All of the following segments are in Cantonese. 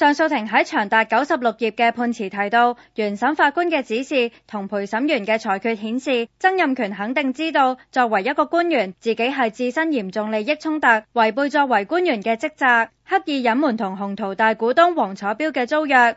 上訴庭喺長達九十六頁嘅判詞提到，原審法官嘅指示同陪審員嘅裁決顯示，曾蔭權肯定知道作為一個官員，自己係自身嚴重利益衝突，違背作為官員嘅職責，刻意隱瞞同雄濤大股東黃楚標嘅租約。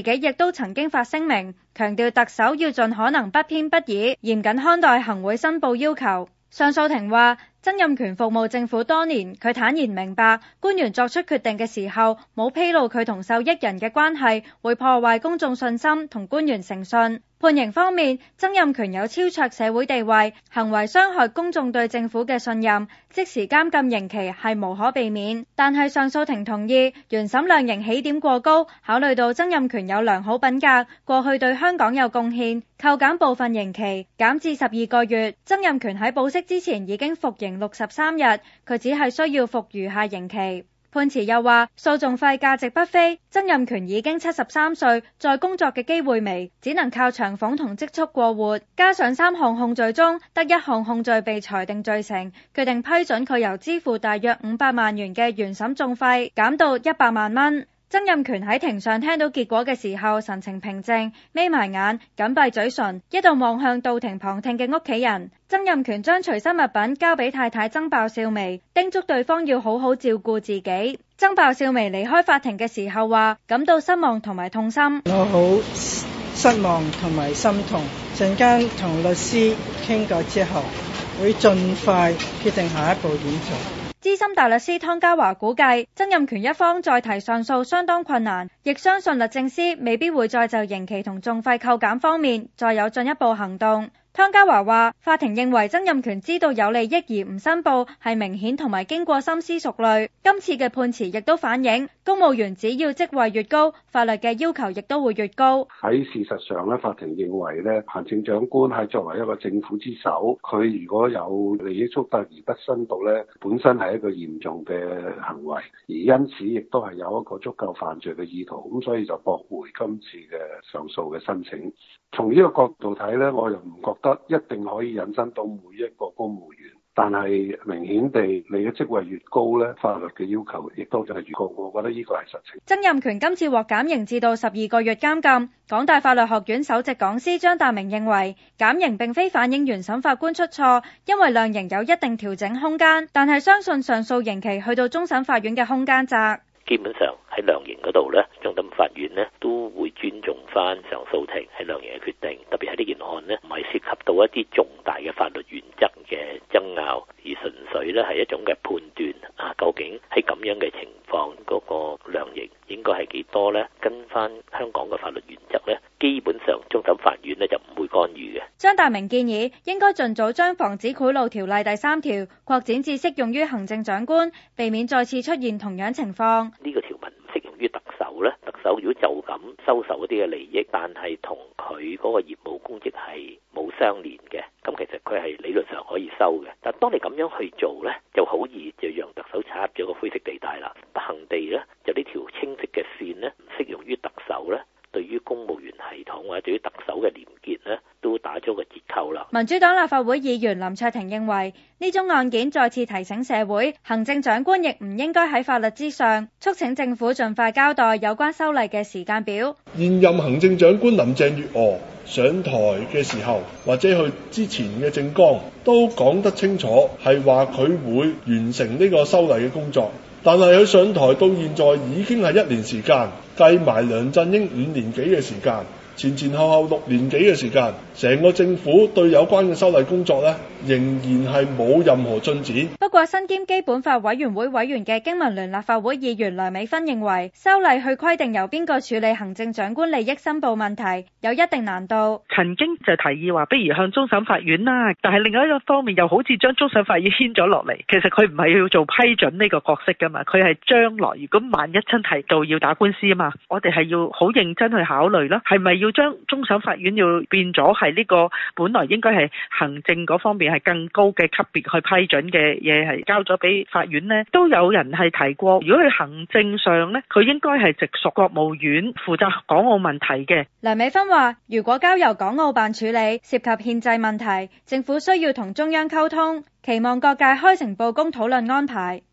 自己亦都曾經發聲明，強調特首要盡可能不偏不倚，嚴謹看待行會申報要求。上訴庭話：曾蔭權服務政府多年，佢坦然明白，官員作出決定嘅時候冇披露佢同受益人嘅關係，會破壞公眾信心同官員誠信。判刑方面，曾蔭權有超卓社會地位，行為傷害公衆對政府嘅信任，即時監禁刑期係無可避免。但係上訴庭同意原審量刑起點過高，考慮到曾蔭權有良好品格，過去對香港有貢獻，扣減部分刑期，減至十二個月。曾蔭權喺保釋之前已經服刑六十三日，佢只係需要服餘下刑期。判詞又話，訴訟費價值不菲。曾蔭權已經七十三歲，在工作嘅機會微，只能靠長俸同積蓄過活。加上三項控罪中，得一項控罪被裁定罪成，決定批准佢由支付大約五百萬元嘅原審訟費減到一百萬蚊。曾蔭權喺庭上聽到結果嘅時候，神情平靜，眯埋眼，緊閉嘴唇，一度望向到庭旁聽嘅屋企人。曾蔭權將隨身物品交俾太太曾鮑笑薇，叮囑對方要好好照顧自己。曾鮑笑薇離開法庭嘅時候話：感到失望同埋痛心。我好失望同埋心痛，陣間同律師傾過之後，會盡快決定下一步點做。資深大律師湯家驊估計，曾蔭權一方再提上訴相當困難，亦相信律政司未必會再就刑期同訟費扣減方面再有進一步行動。湯家驊話，法庭認為曾蔭權知道有利益而唔申報，係明顯同埋經過深思熟慮。今次嘅判詞亦都反映，公務員只要職位越高，法律嘅要求亦都會越高。喺事實上咧，法庭認為咧，行政長官係作為一個政府之首，佢如果有利益衝突而不申報咧，本身係一個嚴重嘅行為，而因此亦都係有一個足夠犯罪嘅意圖，咁所以就駁回今次嘅上訴嘅申請。從呢個角度睇咧，我又唔覺。得一定可以引申到每一個公務員，但係明顯地，你嘅職位越高咧，法律嘅要求亦都就係越高。我覺得呢個係實情。曾蔭權今次獲減刑至到十二個月監禁，港大法律學院首席講師張達明認為，減刑並非反映原審法官出錯，因為量刑有一定調整空間，但係相信上訴刑期去到終審法院嘅空間窄，基本上。量刑嗰度呢，終審法院呢都會尊重翻上訴庭喺量刑嘅決定，特別係呢件案呢，唔係涉及到一啲重大嘅法律原則嘅爭拗，而純粹呢係一種嘅判斷啊。究竟喺咁樣嘅情況，嗰個量刑應該係幾多呢？跟翻香港嘅法律原則呢，基本上終審法院呢就唔會干預嘅。張達明建議應該盡早將防止賄賂條例第三條擴展至適用於行政長官，避免再次出現同樣情況。呢個條文。收受嗰啲嘅利益，但係同佢嗰個業務功績係冇相連嘅，咁其實佢係理論上可以收嘅。但當你咁樣去做咧，就好易就讓特首插入咗個灰色地帶啦。不幸地咧，就呢條清晰嘅線咧，唔適用於特首咧，對於公務員系統或者對於特首嘅利益。都打咗個折扣啦。民主黨立法會議員林卓廷認為，呢種案件再次提醒社會，行政長官亦唔應該喺法律之上，促請政府盡快交代有關修例嘅時間表。現任行政長官林鄭月娥上台嘅時候，或者去之前嘅政綱都講得清楚，係話佢會完成呢個修例嘅工作。但係佢上台到現在已經係一年時間，計埋梁振英五年幾嘅時間，前前後後六年幾嘅時間，成個政府對有關嘅修例工作咧，仍然係冇任何進展。不過，身兼基本法委員會委員嘅經民聯立法會議員梁美芬認為，修例去規定由邊個處理行政長官利益申報問題，有一定難度。曾經就提議話，不如向終審法院啦。但係另外一個方面，又好似將終審法院牽咗落嚟。其實佢唔係要做批准呢個角色㗎嘛，佢係將來如果萬一真提到要打官司啊嘛，我哋係要好認真去考慮咯，係咪要？將終審法院要變咗係呢個本來應該係行政嗰方面係更高嘅級別去批准嘅嘢，係交咗俾法院呢，都有人係提過。如果佢行政上呢，佢應該係直屬國務院負責港澳問題嘅。梁美芬話，如果交由港澳辦處理，涉及憲制問題，政府需要同中央溝通，期望各界開誠布公討論安排。